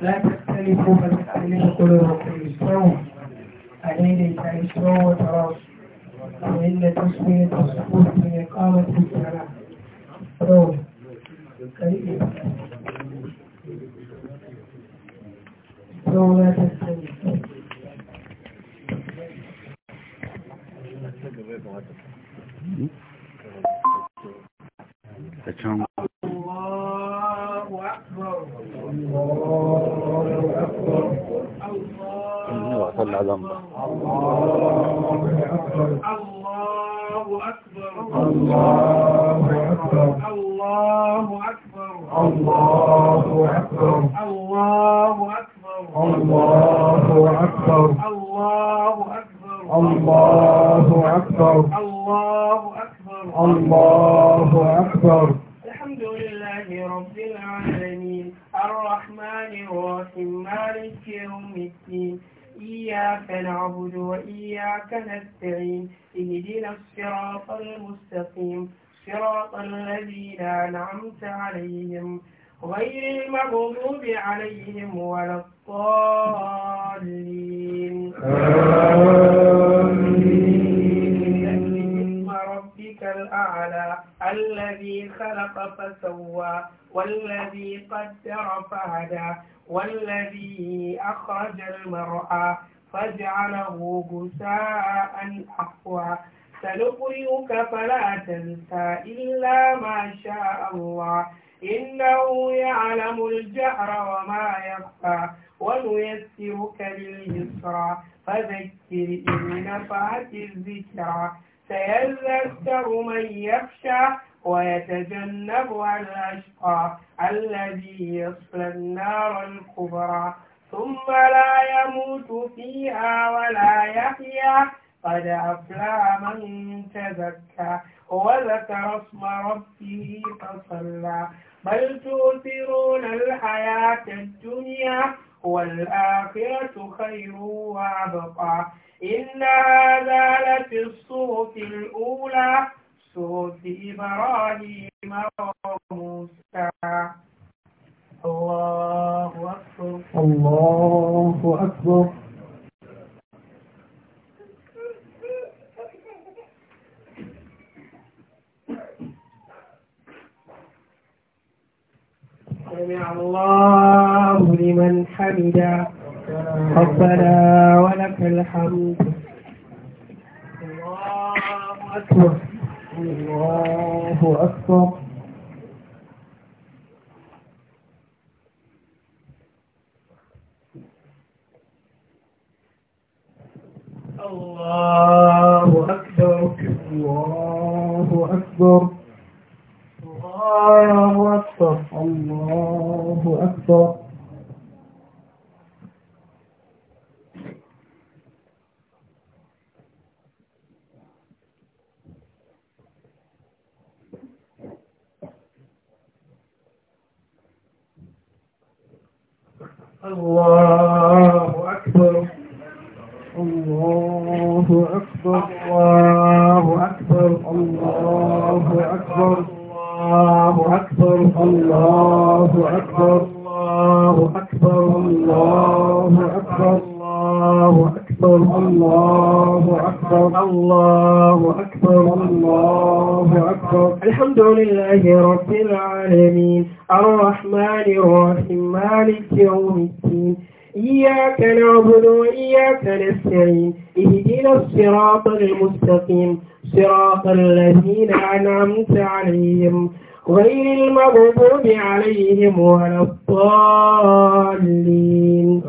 Já que você tem culpa de carinho por opressão, além de traição, é para os filhos dos filhos, por que é como é que será? Pronto. Carinho. Pronto, é que você tem culpa. Mm -hmm. The chunk. العظام ده الله أكبر الله أكبر الله أكبر الله أكبر الله أكبر الله أكبر الله أكبر الله أكبر الله أكبر الله أكبر نستعين اهدنا الصراط المستقيم صراط الذين أنعمت عليهم غير المغضوب عليهم ولا الضالين ربك الأعلى الذي خلق فسوى والذي قدر فهدى والذي أخرج المرأة فاجعله بساء أحوى سنقرئك فلا تنسى إلا ما شاء الله إنه يعلم الجهر وما يخفى ونيسرك لليسرى فذكر إن نفعت الذكرى سيذكر من يخشى ويتجنبها الأشقى الذي يصلى النار الكبرى ثم لا يموت فيها ولا يحيا قد أفلى من تزكى وذكر اسم ربه فصلى بل تؤثرون الحياة الدنيا والآخرة خير وأبقى إن هذا لفي الصوف الأولى صوت إبراهيم وموسى الله أكبر سمع الله لمن حمده ربنا ولك الحمد الله أكبر عليهم غير المغضوب عليهم ولا الضالين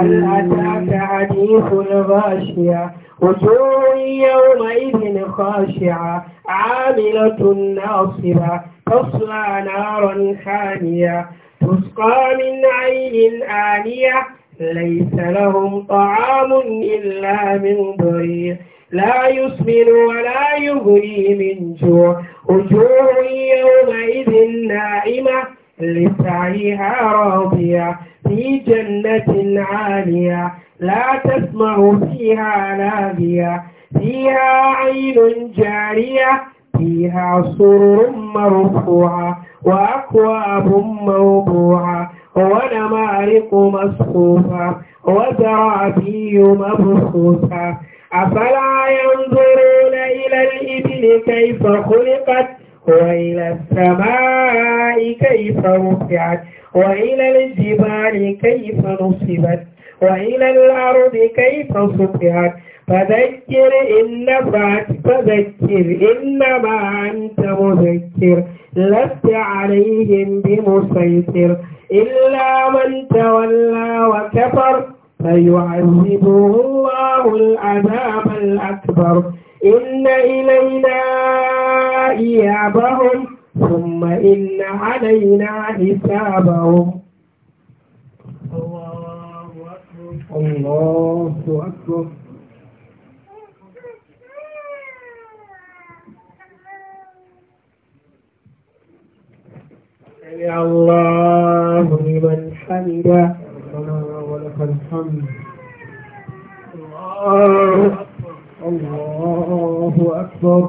هل أتاك حديث الغاشية وجوه يومئذ خاشعة عاملة ناصبة تصلى نارا حامية تسقى من عين آنية ليس لهم طعام إلا من ضريع لا يسمن ولا يغني من جوع وجوع يومئذ نائمة لسعيها راضية في جنة عالية لا تسمع فيها لاغية فيها عين جارية فيها سرر مرفوعة وأكواب موضوعة ونمارق مصفوفة وزرابي مبثوثة أفلا ينظرون إلى الإبل كيف خلقت وإلى السماء كيف رفعت وإلى الجبال كيف نصبت وإلى الأرض كيف سطحت فذكر إن نفعت فذكر إنما أنت مذكر لست عليهم بمسيطر إلا من تولى وكفر فيعذبه الله العذاب الأكبر إن إلينا إيابهم ثم إن علينا حسابهم الله أكبر الله أكبر يا يعني الله لمن حمده لك الحمد الله, أكبر الله أكبر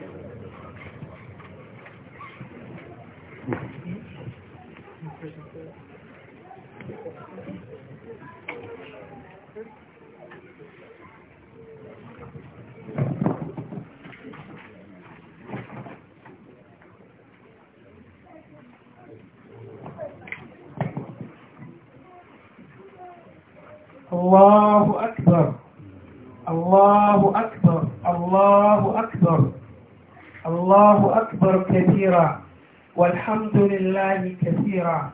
الله أكبر الله أكبر الله أكبر الله أكبر كثيرا والحمد لله كثيرا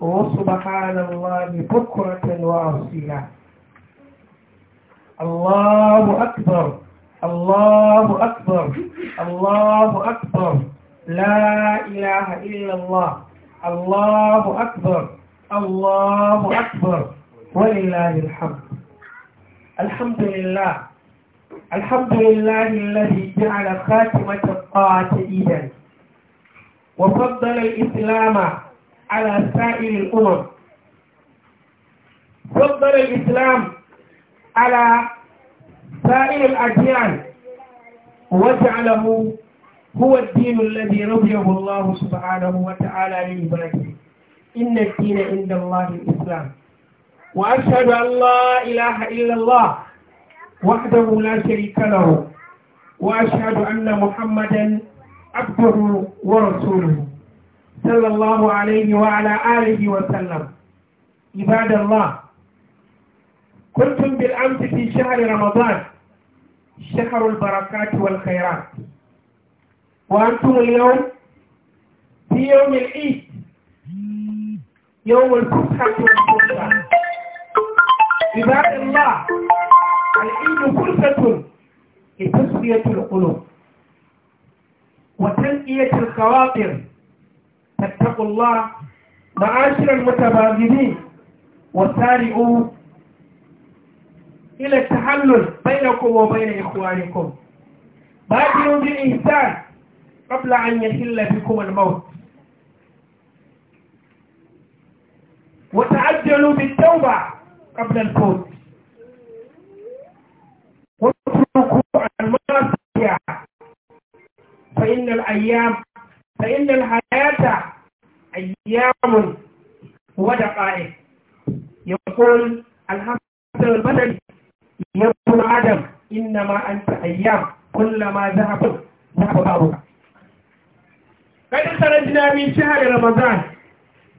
وسبحان الله بكرة وأصيلا الله أكبر الله أكبر الله أكبر لا إله إلا الله الله أكبر الله أكبر ولله الحمد الحمد لله الحمد لله الذي جعل خاتمة الطاعة إيدا وفضل الإسلام على سائر الأمم فضل الإسلام على سائر الأديان وجعله هو الدين الذي رضيه الله سبحانه وتعالى لعباده إن الدين عند الله الإسلام وأشهد أن لا إله إلا الله وحده لا شريك له وأشهد أن محمدا عبده ورسوله صلى الله عليه وعلى آله وسلم عباد الله كنتم بالأمس في شهر رمضان شهر البركات والخيرات وأنتم اليوم في يوم العيد يوم الفسحة والفسحة عباد الله العلم فرصة لتسوية القلوب وتنقية الخواطر فاتقوا الله معاشر المتبادلين وسارعوا إلى التحلل بينكم وبين إخوانكم بادروا بالإنسان قبل أن يحل بكم الموت وتعجلوا بالتوبة قبل الفوت واتركوا المعصية فإن الأيام فإن الحياة أيام ودقائق يقول الحسن البدن يا ابن آدم إنما أنت أيام كلما ذهبوا ذهب بعضها قد خرجنا من شهر رمضان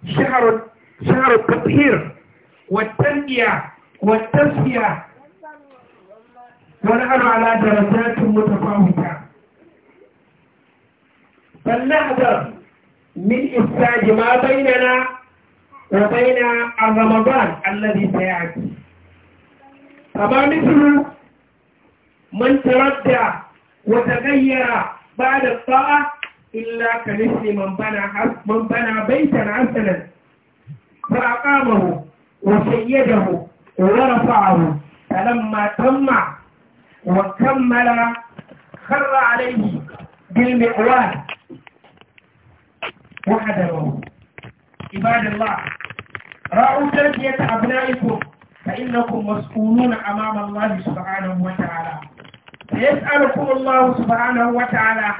شهر شهر التطهير والتنبية والتسبية ونحن على درجات متفاوتة فلنحذر من إفساد ما بيننا وبين رمضان الذي سيأتي فما مثل من تردى وتغير بعد الطاعة إلا كمثل من بنى من بنى بيتا عسلا فأقامه وسيده ورفعه فلما تم وكمل خر عليه بالمقوال وحذره عباد الله رأوا تربية أبنائكم فإنكم مسؤولون أمام الله سبحانه وتعالى فيسألكم الله سبحانه وتعالى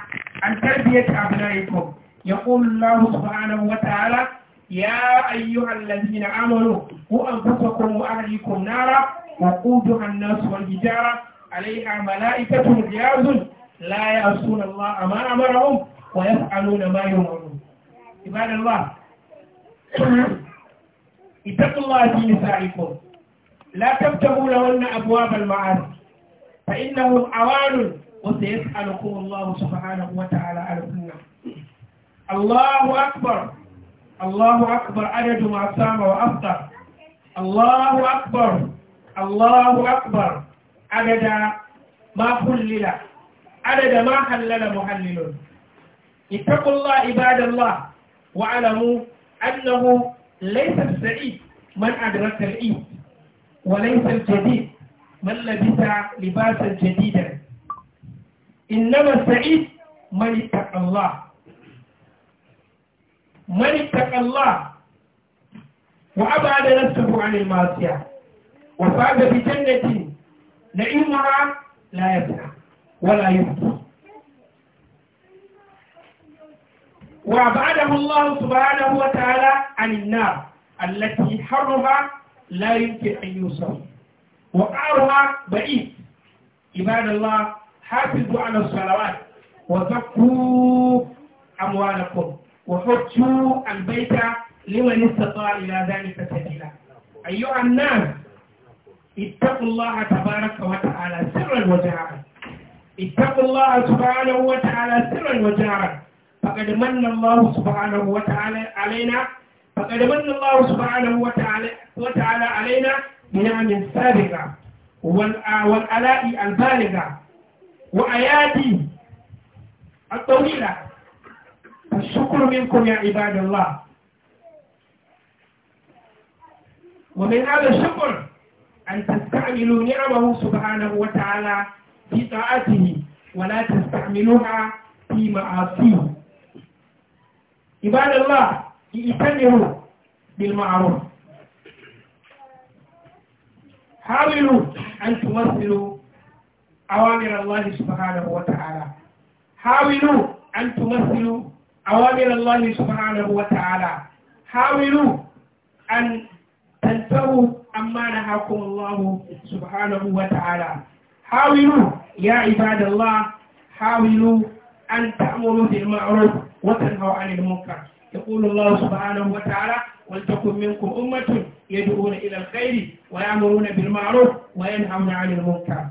عن تربية أبنائكم يقول الله سبحانه وتعالى يا أيها الذين آمنوا أنفسكم وأهليكم نارا وقودها الناس والحجارة عليها ملائكة غياظ لا يعصون الله ما أمرهم ويفعلون ما يؤمرون عباد الله اتقوا الله في نسائكم لا تبتغوا لهن أبواب المعاصي فإنهم أوان وسيسألكم الله سبحانه وتعالى على الله أكبر الله أكبر عدد ما سام وأفطر الله أكبر الله أكبر عدد ما حلل عدد ما حلل محلل اتقوا الله عباد الله واعلموا أنه ليس السعيد من أدرك العيد وليس الجديد من لبس لباسا جديدا إنما السعيد من اتقى الله من اتقى الله وأبعد نفسه عن المعصية وفاز بجنة نعيمها لا يفنى ولا يفنى وأبعده الله سبحانه وتعالى عن النار التي حرها لا يمكن أن يوصل وقارها بعيد عباد الله حافظوا على الصلوات وزكوا أموالكم وحجوا البيت لمن استطاع إلى ذلك سبيلا أيها الناس اتقوا الله تبارك وتعالى سرا وجهارا اتقوا الله سبحانه وتعالى سرا وجهارا فقد من الله سبحانه وتعالى علينا فقد من الله سبحانه وتعالى وتعالى علينا بنعم سابقة آه، والآلاء البالغة وآيات الطويلة الشكر منكم يا عباد الله ومن هذا الشكر أن تستعملوا نعمه سبحانه وتعالى في طاعته ولا تستعملوها في معاصيه عباد الله ائتمروا بالمعروف حاولوا أن تمثلوا أوامر الله سبحانه وتعالى حاولوا أن تمثلوا أوامر الله سبحانه وتعالى حاولوا أن تنتهوا أما نهاكم الله سبحانه وتعالى حاولوا يا عباد الله حاولوا أن تأمروا بالمعروف وتنهوا عن المنكر يقول الله سبحانه وتعالى ولتكن منكم أمة يدعون إلى الخير ويأمرون بالمعروف وينهون عن المنكر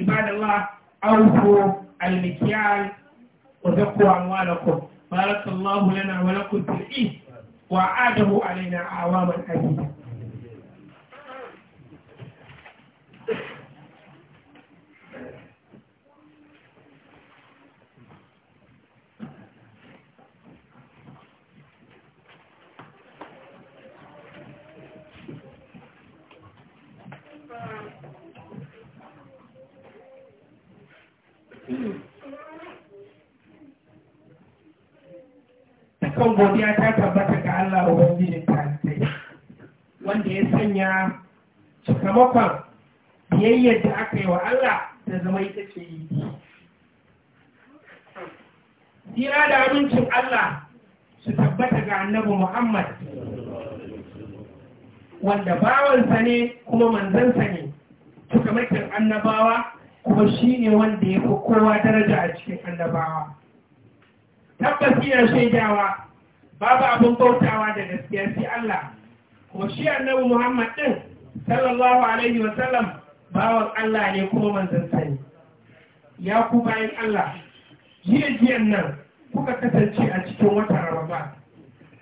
عباد الله أوفوا المكيال وزكوا أموالكم بارك الله لنا ولكم في العيد وعاده علينا أعواما عديدة Mm-hmm. dukkan godiya ta tabbata ga Allah ta talibai wanda ya sanya sakamakon biyayyar da aka yi wa Allah da zama ita ce yi. Tsira da abincin Allah su tabbata ga annabi Muhammad wanda bawansa ne kuma manzansa ne tukamakin annabawa kuma shi ne wanda ya fi kowa daraja a cikin annabawa. Tabbas ina shaidawa babu abin bautawa da gaskiya sai Allah ko shi annabi Muhammad din sallallahu alaihi wa sallam bawan Allah ne kuma manzon sani ya ku bayan Allah jiya jiyan nan kuka kasance a cikin wata Ramadan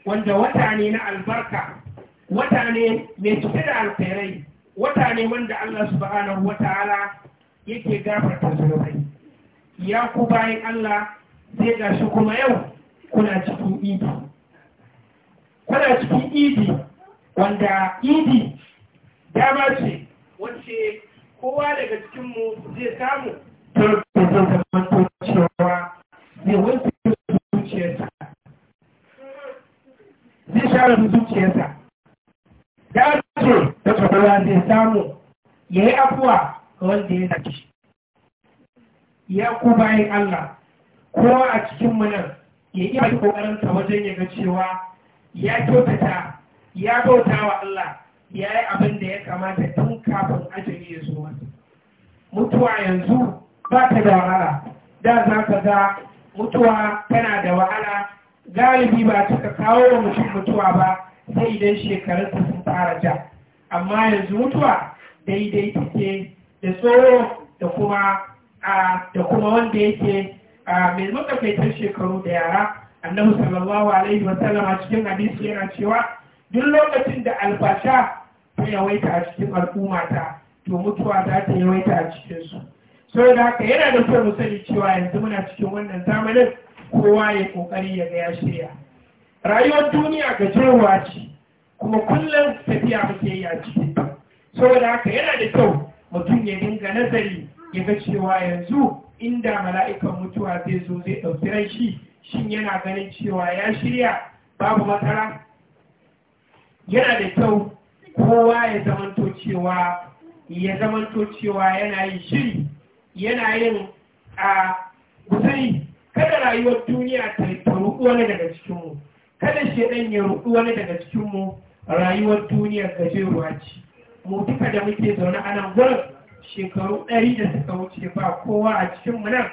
wanda wata ne na albarka wata ne mai cike da alkhairai wata ne wanda Allah subhanahu ta'ala yake gafarta zunubai ya ku bayan Allah sai gashi kuma yau kuna cikin ibi. muna cikin idi wanda idi dama ce wacce kowa daga cikinmu zai samu tarkata zamanto cewa zai wanke zuciyarsa zai share zuciyarsa da ce da kwakwalwa zai samu ya yi afuwa ga wanda ya zaki ya ku bayan Allah kowa a cikin nan ya iya kokarinta wajen yaga ga cewa ya kyautata ya bauta wa Allah ya yi abin da ya kamata tun kafin ajiye ya zo mutuwa yanzu ba ta da wahala da za ka ga mutuwa tana da wahala galibi ba cika kawo wa mutum mutuwa ba sai idan shekarunsa sun fara ja amma yanzu mutuwa daidai take da tsoro da kuma da kuma wanda yake mai matsakaitar shekaru da yara annabi sallallahu alaihi wa sallam a cikin hadisi yana cewa duk lokacin da albasha ta yawaita a cikin al'ummata to mutuwa za ta yawaita a cikinsu sau da haka yana da kyau mu sani cewa yanzu muna cikin wannan zamanin kowa ya kokari ya ga ya shirya rayuwar duniya gajeruwa ce kuma kullum tafiya muke yi a cikin ta. saboda haka yana da kyau mutum ya dinga nazari ya ga cewa yanzu inda mala'ikan mutuwa zai zo zai ɗauki rai shi shin yana ganin cewa ya shirya babu matsala yana da kyau kowa ya zamanto cewa ya zamanto cewa yana yin shiri yana yin a gusari kada rayuwar duniya ta ruɗu wani daga cikinmu kada shaidan ya ruɗu wani daga cikinmu rayuwar duniya gajeruwa ce mu duka da muke zaune a nan gurin shekaru ɗari da suka wuce ba kowa a cikinmu nan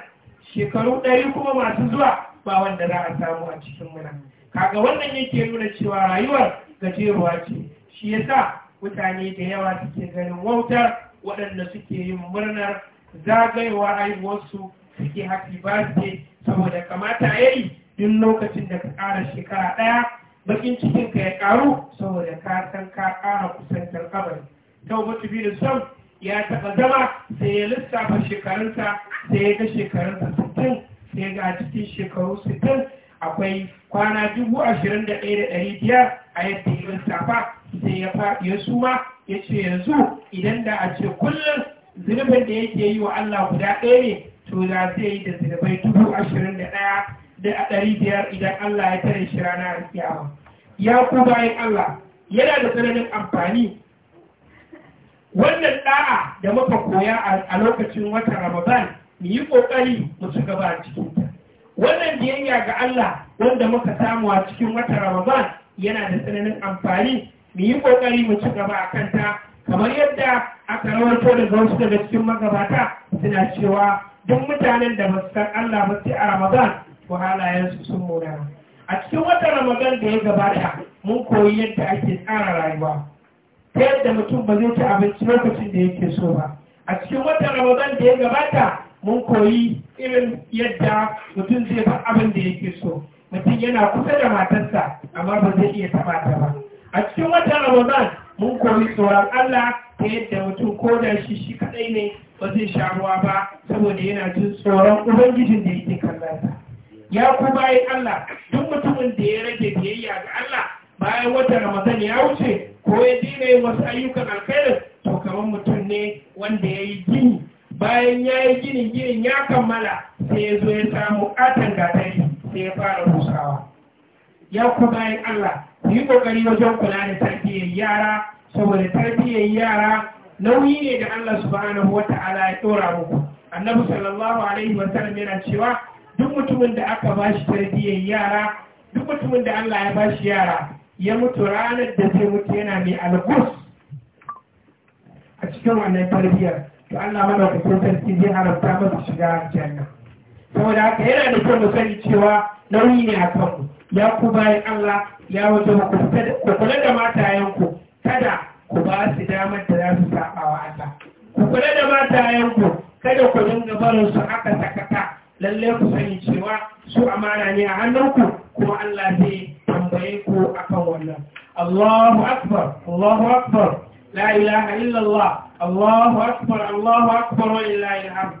shekaru ɗari kuma masu zuwa ba wanda za a samu a cikin muna kaga wannan yake nuna cewa rayuwar gajeruwa ce shi yasa mutane da yawa suke ganin wautar waɗanda suke yin murnar zagayewa haihuwarsu suke happy birthday saboda kamata ya yi duk lokacin da ka ƙara shekara ɗaya bakin cikin ka ya ƙaru saboda ka san ka ƙara kusantar kabari taubatu biyu da ya taɓa zama sai ya lissafa shekarunsa sai ya ga shekarunsa sittin sai ga cikin shekaru sittin, akwai kwana biyar a yadda yi lissafa sai ya faɗi ya suma ya ce yanzu idan da a ce kullum zunubin da yake yi wa Allah guda ɗaya ne to za zai yi da zunubai ashirin da biyar idan Allah ya tare shi a kiyama ya ku bayan Allah yana da tsananin amfani wannan ɗa'a da muka koya a lokacin watan Ramadan mu yi ƙoƙari mu ci gaba a cikin ta wannan biyayya ga Allah wanda muka samu a cikin wata Ramadan yana da tsananin amfani mu yi ƙoƙari mu ci gaba a kanta kamar yadda aka rawarto daga wasu daga cikin magabata suna cewa duk mutanen da ba su san Allah ba sai a Ramadan to halayensu sun muna a cikin wata Ramadan da ya gabata mun koyi yadda ake tsara rayuwa ta yadda mutum ba zai ci abinci lokacin da yake so ba a cikin wata Ramadan da ya gabata mun koyi irin yadda mutum zai ba abin da yake so mutum yana kusa da matarsa amma ba zai iya taba ta ba a cikin watan ramadan mun koyi tsoron allah ta yadda mutum ko da shi shi kaɗai ne ba zai sha ruwa ba saboda yana jin tsoron ubangijin da yake kallata. ya ku bayan allah duk mutumin da ya rage biyayya ga allah bayan watan ramadan ya wuce ko ya daina yin wasu ayyukan alkhairin to kamar mutum ne wanda ya yi gini bayan ya yi ginin ginin ya kammala sai ya zo ya samu ƙatan gatari sai ya fara rusawa ya ku bayan Allah yi ƙoƙari wajen kula da tarbiyyar yara saboda tarbiyyar yara nauyi ne da Allah subhanahu wa ta'ala ya tsora muku annabi sallallahu alaihi wa sallam yana cewa duk mutumin da aka ba shi tarbiyyar yara duk mutumin da Allah ya ba shi yara ya mutu ranar da zai mutu yana mai algus a cikin wannan tarbiyyar to Allah mana kusan sarki zai haramta masa shiga aljanna saboda haka yana da kyau mu sani cewa nauyi ne a kanmu ya ku bayan Allah ya waje ku kula da matayenku kada ku ba su damar da za su saba wa Allah ku kula da matayenku kada ku dinga barin su aka sakata lalle ku sani cewa su amana ne a hannunku kuma Allah zai tambaye ku akan wannan Allahu akbar Allahu akbar لا إله إلا الله الله أكبر الله أكبر ولله الحمد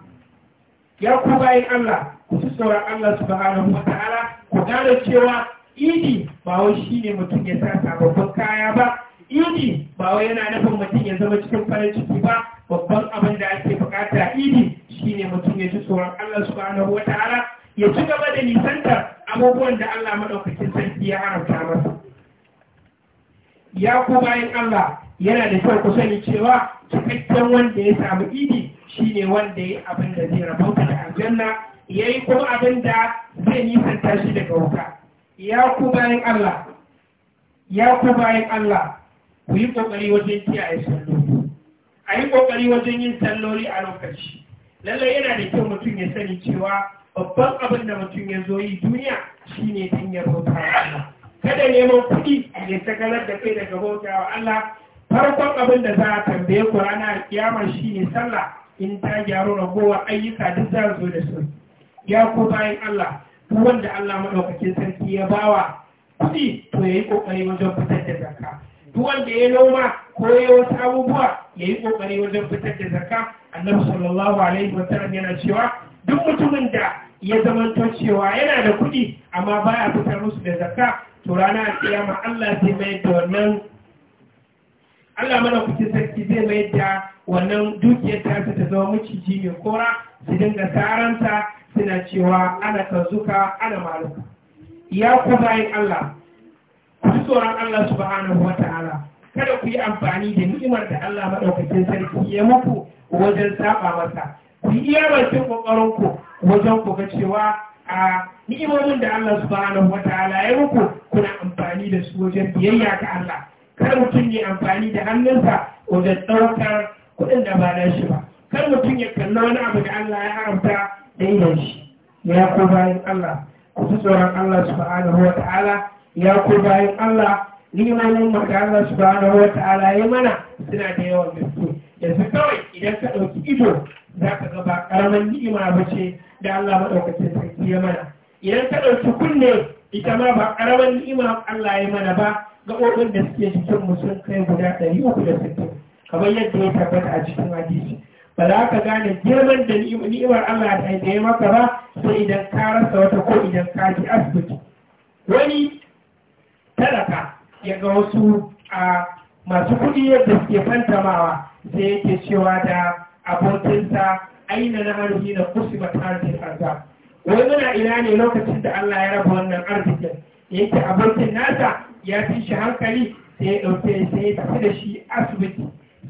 يا كوباي الله كسورة الله سبحانه وتعالى كدار الشوا idi ba wai shi ne mutum ya sa sababbin kaya ba idi ba yana nufin mutum ya zama cikin farin ciki ba babban abin da ake bukata idi shi ne mutum ya ji tsoron Allah subhanahu wa ta'ala ya ci gaba da nisantar abubuwan da Allah maɗaukacin sarki ya haramta masa ya ku bayan Allah yana da kyau ku sani cewa cikakken wanda ya samu idi shine wanda ya abin da zai rabauta da aljanna ya yi kuma abin da zai nisanta shi daga wuka ya ku bayan Allah ya ku bayan Allah ku yi kokari wajen kiyaye salloli a yi kokari wajen yin salloli a lokaci lallai yana da kyau mutum ya sani cewa babban abin da mutum ya zo yi duniya shine din ya bauta Allah kada neman kuɗi ya sakalar da kai daga bauta wa Allah farkon abin da za a tambaye ku ranar kiyama ne sallah in ta gyaru ragowar ayyuka duk za zo da su ya ku bayan Allah duk wanda Allah madaukakin sarki ya bawa kuɗi to yayi kokari wajen fitar da zakka duk wanda ya noma ko ya wasu abubuwa yayi kokari wajen fitar da zakka Annabi sallallahu alaihi wasallam yana cewa duk mutumin da ya zamanto cewa yana da kuɗi amma baya fitar musu da zakka to rana a kiyama Allah zai mai da wannan Allah mana kuke sarki zai mai da wannan dukiyar ta ta zama maciji mai kora su dinga saranta suna cewa ana kazuka ana maruka. ya ku bayan Allah ku tsoron Allah wa wata'ala kada ku yi amfani da ni'imar da Allah maɗaukakin sarki ya muku wajen saba masa ku yi iya bakin ku wajen ku ga cewa a ni'imomin da Allah wa ta'ala ya muku kuna amfani da su wajen biyayya ta Allah kar mutum ya amfani da hannunsa wajen ɗaukar kuɗin da ba na shi ba kar mutum ya kalla wani abu da Allah ya haramta da idan shi ya ko bayan Allah ku ji tsoron Allah subhanahu wa ta'ala ya ko bayan Allah limanin maka Allah subhanahu wa ta'ala ya mana suna da yawan gaske yanzu kawai idan ka ɗauki ido za ka ga ba ƙaramin ni'ima ba ce da Allah maɗaukacin sarki ya mana idan ka ɗauki kunne ita ma ba ƙaramin ni'ima Allah ya mana ba gaɓoɓin da suke jikin mu sun kai guda ɗari uku da sittin kamar yadda ya tabbata a cikin hadisi ba za ka gane girman da ni'imar Allah ta yi maka ba sai idan ka rasa wata ko idan ka ji asibiti wani talaka ya ga wasu a masu kuɗi yadda suke fantamawa sai yake cewa da abokinsa aina na arziki da ta arzikin arza Wani muna ina ne lokacin da Allah ya raba wannan arzikin yake abokin nasa ya fi shi hankali sai ya ɗauke sai ya tafi da shi asibiti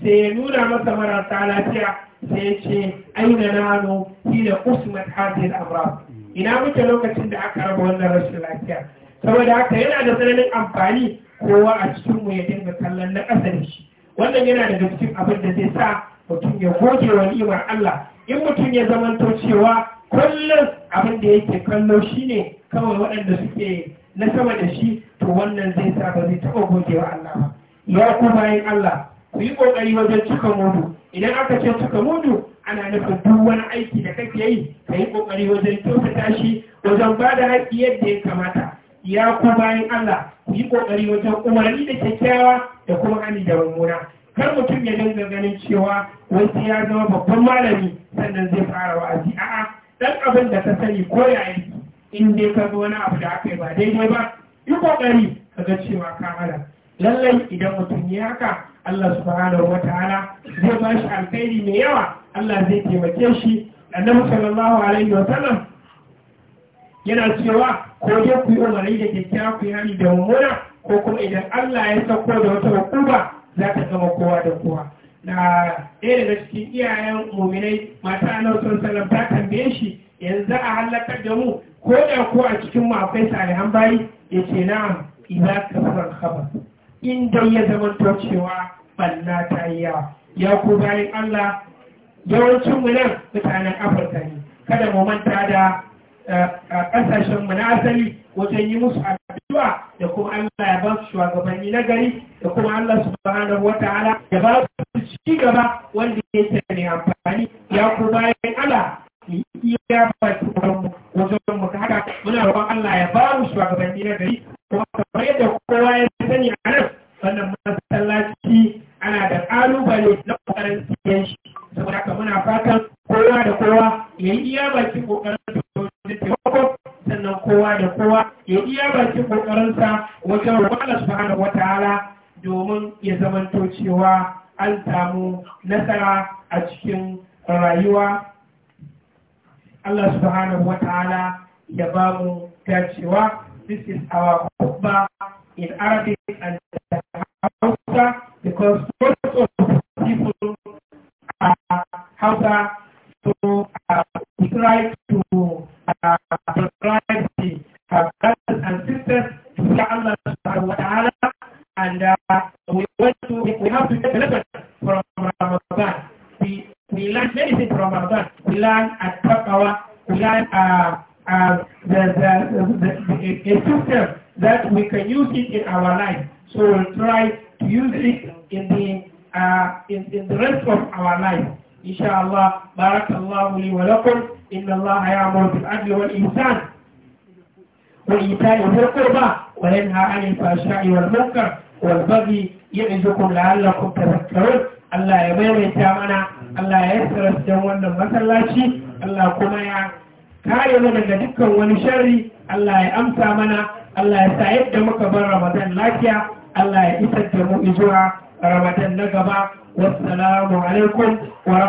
sai ya nuna masa marasa lafiya sai ya ce aina nano hina da Usman Hadir amrad ina muke lokacin da aka raba wannan rashin lafiya saboda haka yana da tsananin amfani kowa a cikin mu ya dinga kallon na ƙasa da shi wannan yana daga cikin abin da zai sa mutum ya goge wa ni'imar Allah in mutum ya zamanto cewa kullum abin da yake kallo shine kawai waɗanda suke na sama da shi to wannan zai sa ba zai taɓa goge Allah ba ya ku bayan Allah ku yi ƙoƙari wajen cika mudu idan aka ce cika mudu ana nufin duk wani aiki da kake yi ka yi ƙoƙari wajen kyautata shi wajen ba da haƙƙi yadda ya kamata ya ku bayan Allah ku yi ƙoƙari wajen umarni da kyakkyawa da kuma hani da mummuna kar mutum ya dinga ganin cewa wasu ya zama babban malami sannan zai fara wa'azi a'a dan abin da ka sani ko ya yi in dai ka zo wani abu da aka yi ba daidai ba yi kokari ka ga cewa kamala hana lallai idan mutum ya haka Allah subhanahu wa ta'ala zai ba shi alkhairi mai yawa Allah zai taimake shi annabi sallallahu alaihi wa sallam yana cewa ko dai ku yi umarni da kyakkyawa ku yi hali da mummuna ko kuma idan Allah ya sauko da wata hukuma za ta zama kowa da kowa na ɗaya daga cikin iyayen muminai mata na sallallahu ta tambaye shi yanzu a halakar da mu ko da ko a cikin mu akwai an bayi ya ce na idan ka farar haɓar Inda ya zama cewa ta yi yawa ya ku bayan allah yawancin nan mutanen afirka ne kada mu manta da eh, ƙasashen mu na asali wajen yi musu addu'a da kuma allah ya ba su shugabanni na gari da kuma allah subhanahu wataala ya ba su ci gaba wanda yake ne amfani ya ku bayan allah ya ba wajen mu haka muna roƙon allah ya ba shugabanni na gari kuma kamar yadda kowa ya sani a nan wannan masallaci ana da ƙalubale na ƙoƙarin siyan shi saboda haka muna fatan kowa da kowa ya yi iya baki ƙoƙarin da taimako sannan kowa da kowa ya yi iya baki ƙoƙarinsa wajen roƙon Allah subhanahu wataala domin ya zamanto cewa an samu nasara a cikin rayuwa Allah subhanahu wataala ya ba mu This is our hukba in Arabic and Hausa because most of the people are Hausa, so uh, we try to uh, the uh, brothers and sisters to Allah subhanahu wa ta'ala and uh, we want to, we have to take a lesson from Ramadan. We, we learn many things from Ramadan. We learn at Taqwa, we learn uh, uh, the, a system that we can use it in our life. So we'll try to use it in the, uh, in, in the rest of our life. إن شاء الله بارك الله لي ولكم إن الله يأمر بالعدل والإحسان وإيتاء ذي القربى وينهى عن الفحشاء والمنكر والبغي ya لعلكم تذكرون الله يبين تامنا الله يسر wannan masallaci الله كما ya. kare mu daga dukkan wani sharri Allah ya amsa mana Allah ya sa yadda muka bar Ramadan lafiya Allah ya isar da mu Ramadan na gaba wassalamu alaikum wa